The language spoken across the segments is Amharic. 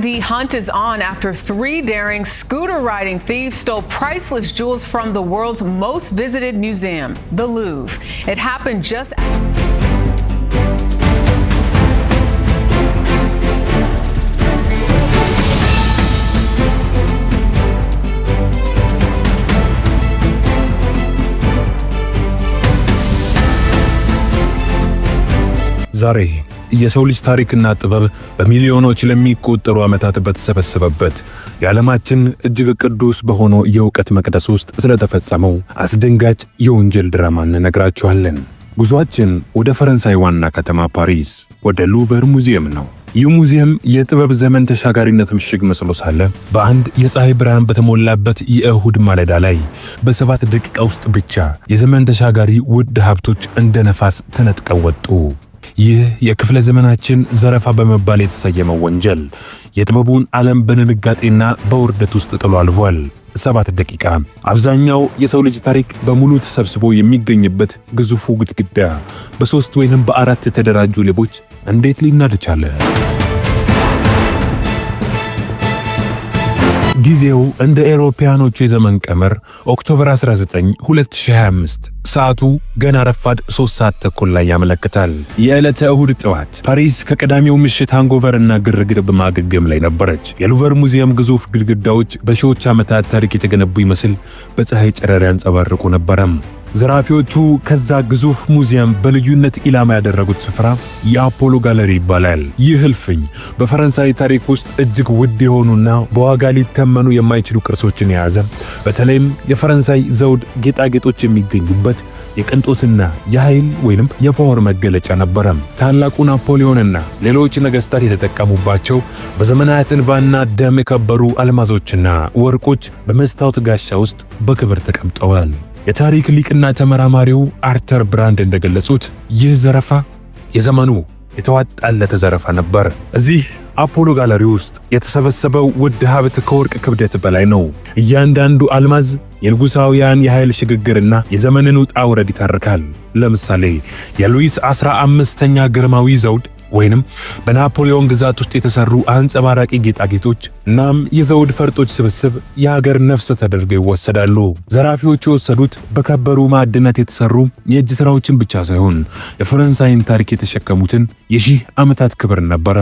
The hunt is on after three daring scooter riding thieves stole priceless jewels from the world's most visited museum, the Louvre. It happened just ዛሬ የሰው ልጅ ታሪክና ጥበብ በሚሊዮኖች ለሚቆጠሩ ዓመታት በተሰበሰበበት የዓለማችን እጅግ ቅዱስ በሆነው የእውቀት መቅደስ ውስጥ ስለተፈጸመው አስደንጋጭ የወንጀል ድራማ እንነግራችኋለን። ጉዟችን ወደ ፈረንሳይ ዋና ከተማ ፓሪስ ወደ ሉቨር ሙዚየም ነው። ይህ ሙዚየም የጥበብ ዘመን ተሻጋሪነት ምሽግ መስሎ ሳለ በአንድ የፀሐይ ብርሃን በተሞላበት የእሁድ ማለዳ ላይ በሰባት ደቂቃ ውስጥ ብቻ የዘመን ተሻጋሪ ውድ ሀብቶች እንደ ነፋስ ተነጥቀው ወጡ። ይህ የክፍለ ዘመናችን ዘረፋ በመባል የተሰየመው ወንጀል የጥበቡን ዓለም በድንጋጤና በውርደት ውስጥ ጥሎ አልፏል። ሰባት ደቂቃ አብዛኛው የሰው ልጅ ታሪክ በሙሉ ተሰብስቦ የሚገኝበት ግዙፉ ግድግዳ በሦስት ወይንም በአራት የተደራጁ ሌቦች እንዴት ሊናድ ቻለ? ጊዜው እንደ ኤሮፓያኖቹ የዘመን ቀመር ኦክቶበር 19 2025 ሰዓቱ ገና ረፋድ 3 ሰዓት ተኩል ላይ ያመለክታል። የዕለተ እሁድ ጠዋት ፓሪስ ከቀዳሚው ምሽት ሃንጎቨር እና ግርግር በማገገም ላይ ነበረች። የሉቨር ሙዚየም ግዙፍ ግድግዳዎች በሺዎች ዓመታት ታሪክ የተገነቡ ይመስል በፀሐይ ጨረር ያንጸባርቁ ነበረም። ዘራፊዎቹ ከዛ ግዙፍ ሙዚየም በልዩነት ኢላማ ያደረጉት ስፍራ የአፖሎ ጋለሪ ይባላል። ይህ እልፍኝ በፈረንሳይ ታሪክ ውስጥ እጅግ ውድ የሆኑና በዋጋ ሊተመኑ የማይችሉ ቅርሶችን የያዘ በተለይም የፈረንሳይ ዘውድ፣ ጌጣጌጦች የሚገኙበት የቅንጦትና የኃይል ወይንም የፓወር መገለጫ ነበረ። ታላቁ ናፖሊዮንና ሌሎች ነገስታት የተጠቀሙባቸው በዘመናት ባና ደም የከበሩ አልማዞችና ወርቆች በመስታወት ጋሻ ውስጥ በክብር ተቀምጠዋል። የታሪክ ሊቅና ተመራማሪው አርተር ብራንድ እንደገለጹት ይህ ዘረፋ የዘመኑ የተዋጣለት ዘረፋ ነበር። እዚህ አፖሎ ጋለሪ ውስጥ የተሰበሰበው ውድ ሀብት ከወርቅ ክብደት በላይ ነው። እያንዳንዱ አልማዝ የንጉሳውያን የኃይል ሽግግርና የዘመንን ውጣ ውረድ ይተርካል። ለምሳሌ የሉዊስ 15ኛ ግርማዊ ዘውድ ወይንም በናፖሊዮን ግዛት ውስጥ የተሰሩ አንጸባራቂ ጌጣጌጦች እናም የዘውድ ፈርጦች ስብስብ የሀገር ነፍስ ተደርገው ይወሰዳሉ። ዘራፊዎቹ የወሰዱት በከበሩ ማዕድነት የተሰሩ የእጅ ስራዎችን ብቻ ሳይሆን የፈረንሳይን ታሪክ የተሸከሙትን የሺህ ዓመታት ክብር ነበረ።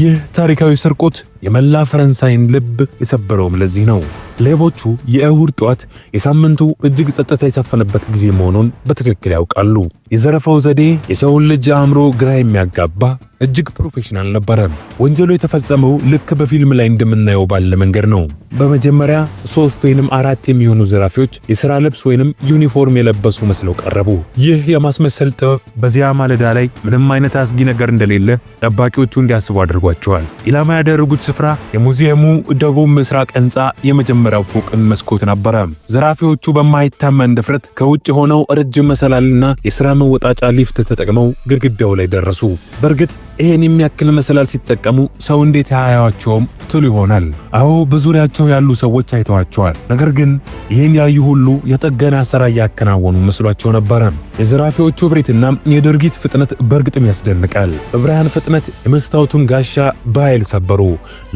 ይህ ታሪካዊ ስርቆት የመላ ፈረንሳይን ልብ የሰበረውም ለዚህ ነው። ሌቦቹ የእሁድ ጠዋት የሳምንቱ እጅግ ጸጥታ የሰፈነበት ጊዜ መሆኑን በትክክል ያውቃሉ። የዘረፋው ዘዴ የሰውን ልጅ አእምሮ ግራ የሚያጋባ እጅግ ፕሮፌሽናል ነበረ። ወንጀሉ የተፈጸመው ልክ በፊልም ላይ እንደምናየው ባለ መንገድ ነው። በመጀመሪያ ሶስት ወይንም አራት የሚሆኑ ዘራፊዎች የሥራ ልብስ ወይንም ዩኒፎርም የለበሱ መስለው ቀረቡ። ይህ የማስመሰል ጥበብ በዚያ ማለዳ ላይ ምንም አይነት አስጊ ነገር እንደሌለ ጠባቂዎቹ እንዲያስቡ አድርጓቸዋል። ኢላማ ያደረጉት ስፍራ የሙዚየሙ ደቡብ ምስራቅ ህንፃ የመጀመሪያው ፎቅ መስኮት ነበረ። ዘራፊዎቹ በማይታመን ድፍረት ከውጭ ሆነው ረጅም መሰላልና የሥራ መወጣጫ ሊፍት ተጠቅመው ግድግዳው ላይ ደረሱ። በእርግጥ ይሄን የሚያክል መሰላል ሲጠቀሙ ሰው እንዴት ያያቸውም ትሉ ይሆናል። አዎ በዙሪያቸው ያሉ ሰዎች አይተዋቸዋል። ነገር ግን ይህን ያዩ ሁሉ የጥገና ስራ እያከናወኑ መስሏቸው ነበረ። የዘራፊዎቹ ብሬትና የድርጊት ፍጥነት በእርግጥም ያስደንቃል። በብርሃን ፍጥነት የመስታወቱን ጋሻ በኃይል ሰበሩ።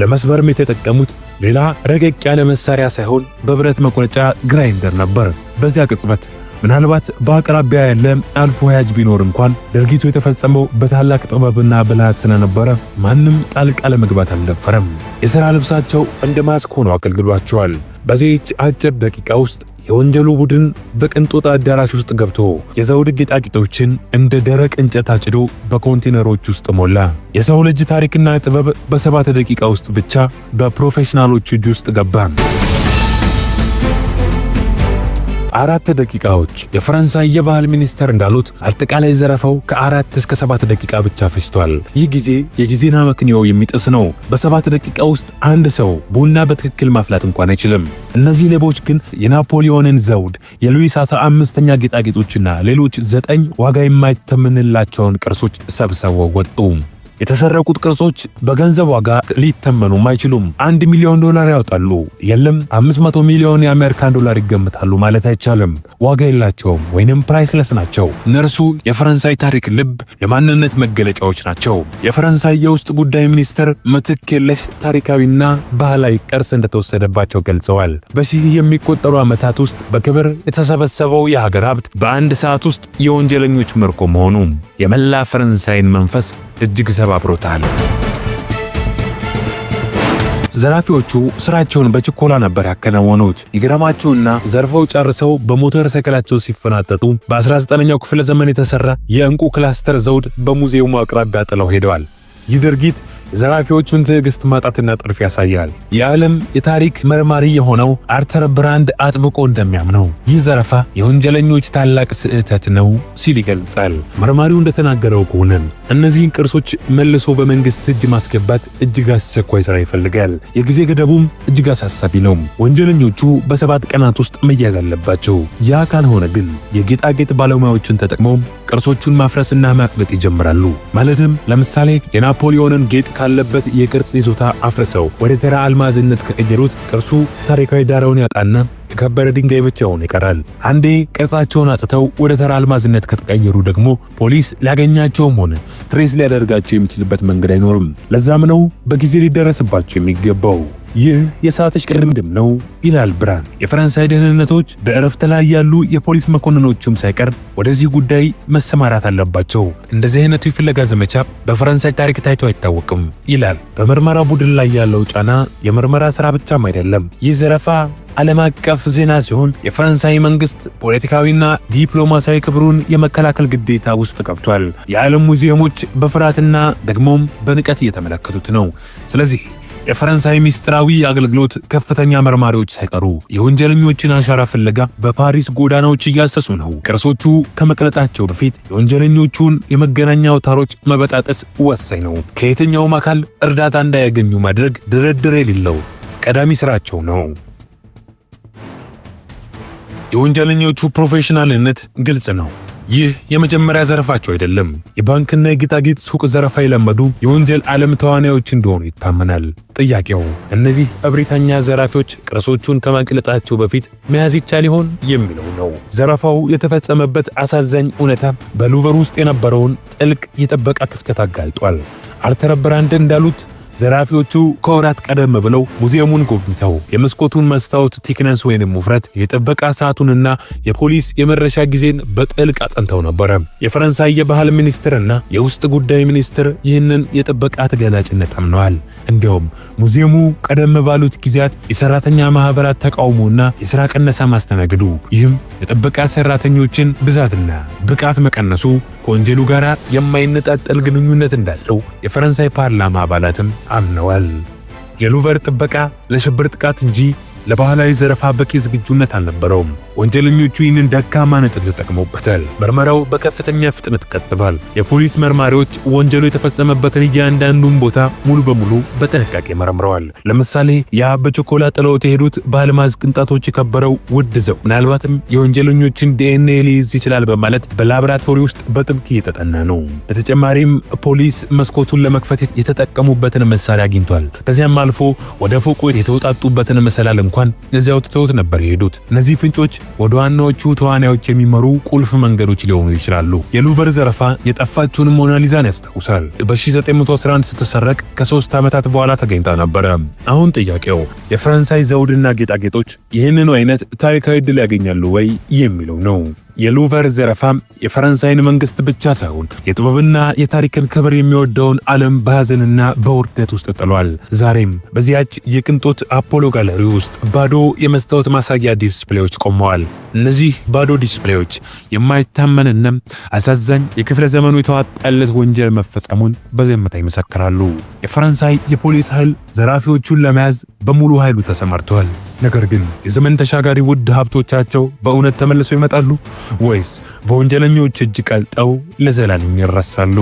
ለመስበርም የተጠቀሙት ሌላ ረቀቅ ያለ መሳሪያ ሳይሆን በብረት መቁረጫ ግራይንደር ነበር። በዚያ ቅጽበት ምናልባት በአቅራቢያ ያለ አልፎ ወያጅ ቢኖር እንኳን ድርጊቱ የተፈጸመው በታላቅ ጥበብና ብልሃት ስለነበረ ማንም ጣልቃ ለመግባት አልደፈረም። የሥራ ልብሳቸው እንደ ማስክ ሆኖ አገልግሏቸዋል። በዚህች አጭር ደቂቃ ውስጥ የወንጀሉ ቡድን በቅንጦት አዳራሽ ውስጥ ገብቶ የዘውድ ጌጣጌጦችን እንደ ደረቅ እንጨት አጭዶ በኮንቴነሮች ውስጥ ሞላ። የሰው ልጅ ታሪክና ጥበብ በሰባት ደቂቃ ውስጥ ብቻ በፕሮፌሽናሎች እጅ ውስጥ ገባ። አራት ደቂቃዎች። የፈረንሳይ የባህል ሚኒስቴር እንዳሉት አጠቃላይ ዘረፋው ከአራት እስከ ሰባት ደቂቃ ብቻ ፈጅቷል። ይህ ጊዜ የጊዜና መክንዮ የሚጥስ ነው። በሰባት ደቂቃ ውስጥ አንድ ሰው ቡና በትክክል ማፍላት እንኳን አይችልም። እነዚህ ሌቦች ግን የናፖሊዮንን ዘውድ፣ የሉዊስ አስራ አምስተኛ ጌጣጌጦችና ሌሎች ዘጠኝ ዋጋ የማይተምንላቸውን ቅርሶች ሰብስበው ወጡ። የተሰረቁት ቅርጾች በገንዘብ ዋጋ ሊተመኑም አይችሉም። አንድ ሚሊዮን ዶላር ያወጣሉ፣ የለም 500 ሚሊዮን የአሜሪካን ዶላር ይገምታሉ ማለት አይቻልም። ዋጋ የላቸውም ወይንም ፕራይስለስ ናቸው። እነርሱ የፈረንሳይ ታሪክ ልብ፣ የማንነት መገለጫዎች ናቸው። የፈረንሳይ የውስጥ ጉዳይ ሚኒስትር ምትክ የለሽ ታሪካዊና ባህላዊ ቅርስ እንደተወሰደባቸው ገልጸዋል። በሺህ የሚቆጠሩ ዓመታት ውስጥ በክብር የተሰበሰበው የሀገር ሀብት በአንድ ሰዓት ውስጥ የወንጀለኞች ምርኮ መሆኑ የመላ ፈረንሳይን መንፈስ እጅግ ሰባብሮታል። ዘራፊዎቹ ስራቸውን በችኮላ ነበር ያከናወኑት። ይገረማችሁና ዘርፈው ጨርሰው በሞተር ሳይክላቸው ሲፈናጠጡ በ19ኛው ክፍለ ዘመን የተሰራ የእንቁ ክላስተር ዘውድ በሙዚየሙ አቅራቢያ ጥለው ሄደዋል። ይህ ድርጊት የዘራፊዎቹን ትዕግስት ማጣትና ጥርፍ ያሳያል። የዓለም የታሪክ መርማሪ የሆነው አርተር ብራንድ አጥብቆ እንደሚያምነው ይህ ዘረፋ የወንጀለኞች ታላቅ ስህተት ነው ሲል ይገልጻል። መርማሪው እንደተናገረው ከሆነ እነዚህን ቅርሶች መልሶ በመንግስት እጅ ማስገባት እጅግ አስቸኳይ ስራ ይፈልጋል። የጊዜ ገደቡም እጅግ አሳሳቢ ነው። ወንጀለኞቹ በሰባት ቀናት ውስጥ መያዝ አለባቸው። ያ ካልሆነ ግን የጌጣጌጥ ባለሙያዎችን ተጠቅመው ቅርሶቹን ማፍረስና ማቅበጥ ይጀምራሉ። ማለትም ለምሳሌ የናፖሊዮንን ጌጥ ካለበት የቅርጽ ይዞታ አፍርሰው ወደ ተራ አልማዝነት ከቀየሩት ቅርሱ ታሪካዊ ዳራውን ያጣና የከበረ ድንጋይ ብቻውን ይቀራል። አንዴ ቅርጻቸውን አጥተው ወደ ተራ አልማዝነት ከተቀየሩ ደግሞ ፖሊስ ሊያገኛቸውም ሆነ ትሬስ ሊያደርጋቸው የሚችልበት መንገድ አይኖርም። ለዛም ነው በጊዜ ሊደረስባቸው የሚገባው። ይህ የሰዓተች ቅድምድም ነው ይላል ብራን። የፈረንሳይ ደህንነቶች በእረፍት ላይ ያሉ የፖሊስ መኮንኖችም ሳይቀር ወደዚህ ጉዳይ መሰማራት አለባቸው። እንደዚህ አይነቱ የፍለጋ ዘመቻ በፈረንሳይ ታሪክ ታይቶ አይታወቅም ይላል። በምርመራ ቡድን ላይ ያለው ጫና የምርመራ ስራ ብቻም አይደለም። ይህ ዘረፋ ዓለም አቀፍ ዜና ሲሆን የፈረንሳይ መንግስት ፖለቲካዊና ዲፕሎማሲያዊ ክብሩን የመከላከል ግዴታ ውስጥ ገብቷል። የዓለም ሙዚየሞች በፍርሃትና ደግሞም በንቀት እየተመለከቱት ነው። ስለዚህ የፈረንሳይ ሚስጥራዊ አገልግሎት ከፍተኛ መርማሪዎች ሳይቀሩ የወንጀለኞችን አሻራ ፍለጋ በፓሪስ ጎዳናዎች እያሰሱ ነው። ቅርሶቹ ከመቅለጣቸው በፊት የወንጀለኞቹን የመገናኛ አውታሮች መበጣጠስ ወሳኝ ነው። ከየትኛውም አካል እርዳታ እንዳያገኙ ማድረግ ድርድር የሌለው ቀዳሚ ስራቸው ነው። የወንጀለኞቹ ፕሮፌሽናልነት ግልጽ ነው። ይህ የመጀመሪያ ዘረፋቸው አይደለም። የባንክና የጌጣጌጥ ሱቅ ዘረፋ የለመዱ የወንጀል ዓለም ተዋናዮች እንደሆኑ ይታመናል። ጥያቄው እነዚህ እብሪተኛ ዘራፊዎች ቅርሶቹን ከማቅለጣቸው በፊት መያዝ ይቻል ይሆን የሚለው ነው። ዘረፋው የተፈጸመበት አሳዛኝ እውነታ በሉቨር ውስጥ የነበረውን ጥልቅ የጥበቃ ክፍተት አጋልጧል። አርተር ብራንድ እንዳሉት ዘራፊዎቹ ከወራት ቀደም ብለው ሙዚየሙን ጎብኝተው የመስኮቱን መስታወት ቲክነስ ወይንም ውፍረት፣ የጥበቃ ሰዓቱንና የፖሊስ የመረሻ ጊዜን በጥልቅ አጠንተው ነበረ። የፈረንሳይ የባህል ሚኒስትርና የውስጥ ጉዳይ ሚኒስትር ይህንን የጥበቃ ተገላጭነት አምነዋል። እንዲሁም ሙዚየሙ ቀደም ባሉት ጊዜያት የሰራተኛ ማህበራት ተቃውሞና የስራ ቀነሳ ማስተናገዱ ይህም የጥበቃ ሰራተኞችን ብዛትና ብቃት መቀነሱ ከወንጀሉ ጋር የማይነጣጠል ግንኙነት እንዳለው የፈረንሳይ ፓርላማ አባላትም አምነዋል። የሉቨር ጥበቃ ለሽብር ጥቃት እንጂ ለባህላዊ ዘረፋ በቂ ዝግጁነት አልነበረውም። ወንጀለኞቹ ይህንን ደካማ ነጥብ ተጠቅመውበታል። ምርመራው በከፍተኛ ፍጥነት ቀጥሏል። የፖሊስ መርማሪዎች ወንጀሉ የተፈጸመበትን እያንዳንዱን ቦታ ሙሉ በሙሉ በጥንቃቄ መርምረዋል። ለምሳሌ ያ በቾኮላ ጥለውት የሄዱት በአልማዝ ቅንጣቶች የከበረው ውድ ዘው ምናልባትም የወንጀለኞችን ዲኤንኤ ሊይዝ ይችላል በማለት በላብራቶሪ ውስጥ በጥብቅ እየተጠና ነው። በተጨማሪም ፖሊስ መስኮቱን ለመክፈት የተጠቀሙበትን መሳሪያ አግኝቷል። ከዚያም አልፎ ወደ ፎቁ የተወጣጡበትን መሰላል እንኳ እንኳን እዚያው ትተውት ነበር የሄዱት። እነዚህ ፍንጮች ወደ ዋናዎቹ ተዋናዮች የሚመሩ ቁልፍ መንገዶች ሊሆኑ ይችላሉ። የሉቨር ዘረፋ የጠፋችውን ሞናሊዛን ያስታውሳል። በ1911 ስትሰረቅ ከሶስት ዓመታት በኋላ ተገኝታ ነበረ። አሁን ጥያቄው የፈረንሳይ ዘውድና ጌጣጌጦች ይህንኑ አይነት ታሪካዊ ዕድል ያገኛሉ ወይ የሚለው ነው። የሉቨር ዘረፋም የፈረንሳይን መንግስት ብቻ ሳይሆን የጥበብና የታሪክን ክብር የሚወደውን ዓለም በሐዘንና በውርደት ውስጥ ጥሏል። ዛሬም በዚያች የቅንጦት አፖሎ ጋለሪ ውስጥ ባዶ የመስታወት ማሳያ ዲስፕሌዎች ቆመዋል። እነዚህ ባዶ ዲስፕሌዎች የማይታመንና አሳዛኝ የክፍለ ዘመኑ የተዋጣለት ወንጀል መፈጸሙን በዝምታ ይመሰክራሉ። የፈረንሳይ የፖሊስ ኃይል ዘራፊዎቹን ለመያዝ በሙሉ ኃይሉ ተሰማርተዋል። ነገር ግን የዘመን ተሻጋሪ ውድ ሀብቶቻቸው በእውነት ተመልሰው ይመጣሉ ወይስ በወንጀለኞች እጅ ቀልጠው ለዘላለም ይረሳሉ?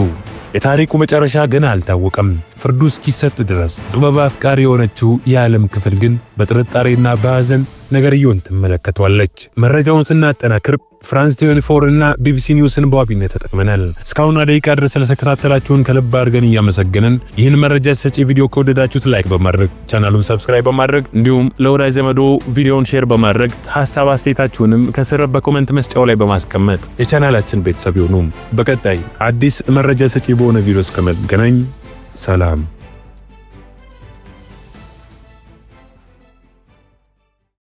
የታሪኩ መጨረሻ ገና አልታወቀም። ፍርዱ እስኪሰጥ ድረስ ጥበብ አፍቃሪ የሆነችው የዓለም ክፍል ግን በጥርጣሬና በሐዘን ነገርየውን ትመለከቷለች። መረጃውን ስናጠናክር ፍራንስ ቲዩኒፎር እና ቢቢሲ ኒውስን በዋቢነት ተጠቅመናል። እስካሁን አደቂቃ ድረስ ስለተከታተላችሁን ከልብ አድርገን እያመሰገንን ይህን መረጃ ሰጪ ቪዲዮ ከወደዳችሁት ላይክ በማድረግ ቻናሉን ሰብስክራይብ በማድረግ እንዲሁም ለወዳጅ ዘመዶ ቪዲዮን ሼር በማድረግ ሀሳብ አስተያየታችሁንም ከስር በኮመንት መስጫው ላይ በማስቀመጥ የቻናላችን ቤተሰብ ይሁኑ። በቀጣይ አዲስ መረጃ ሰጪ በሆነ ቪዲዮ እስከመገናኝ ሰላም።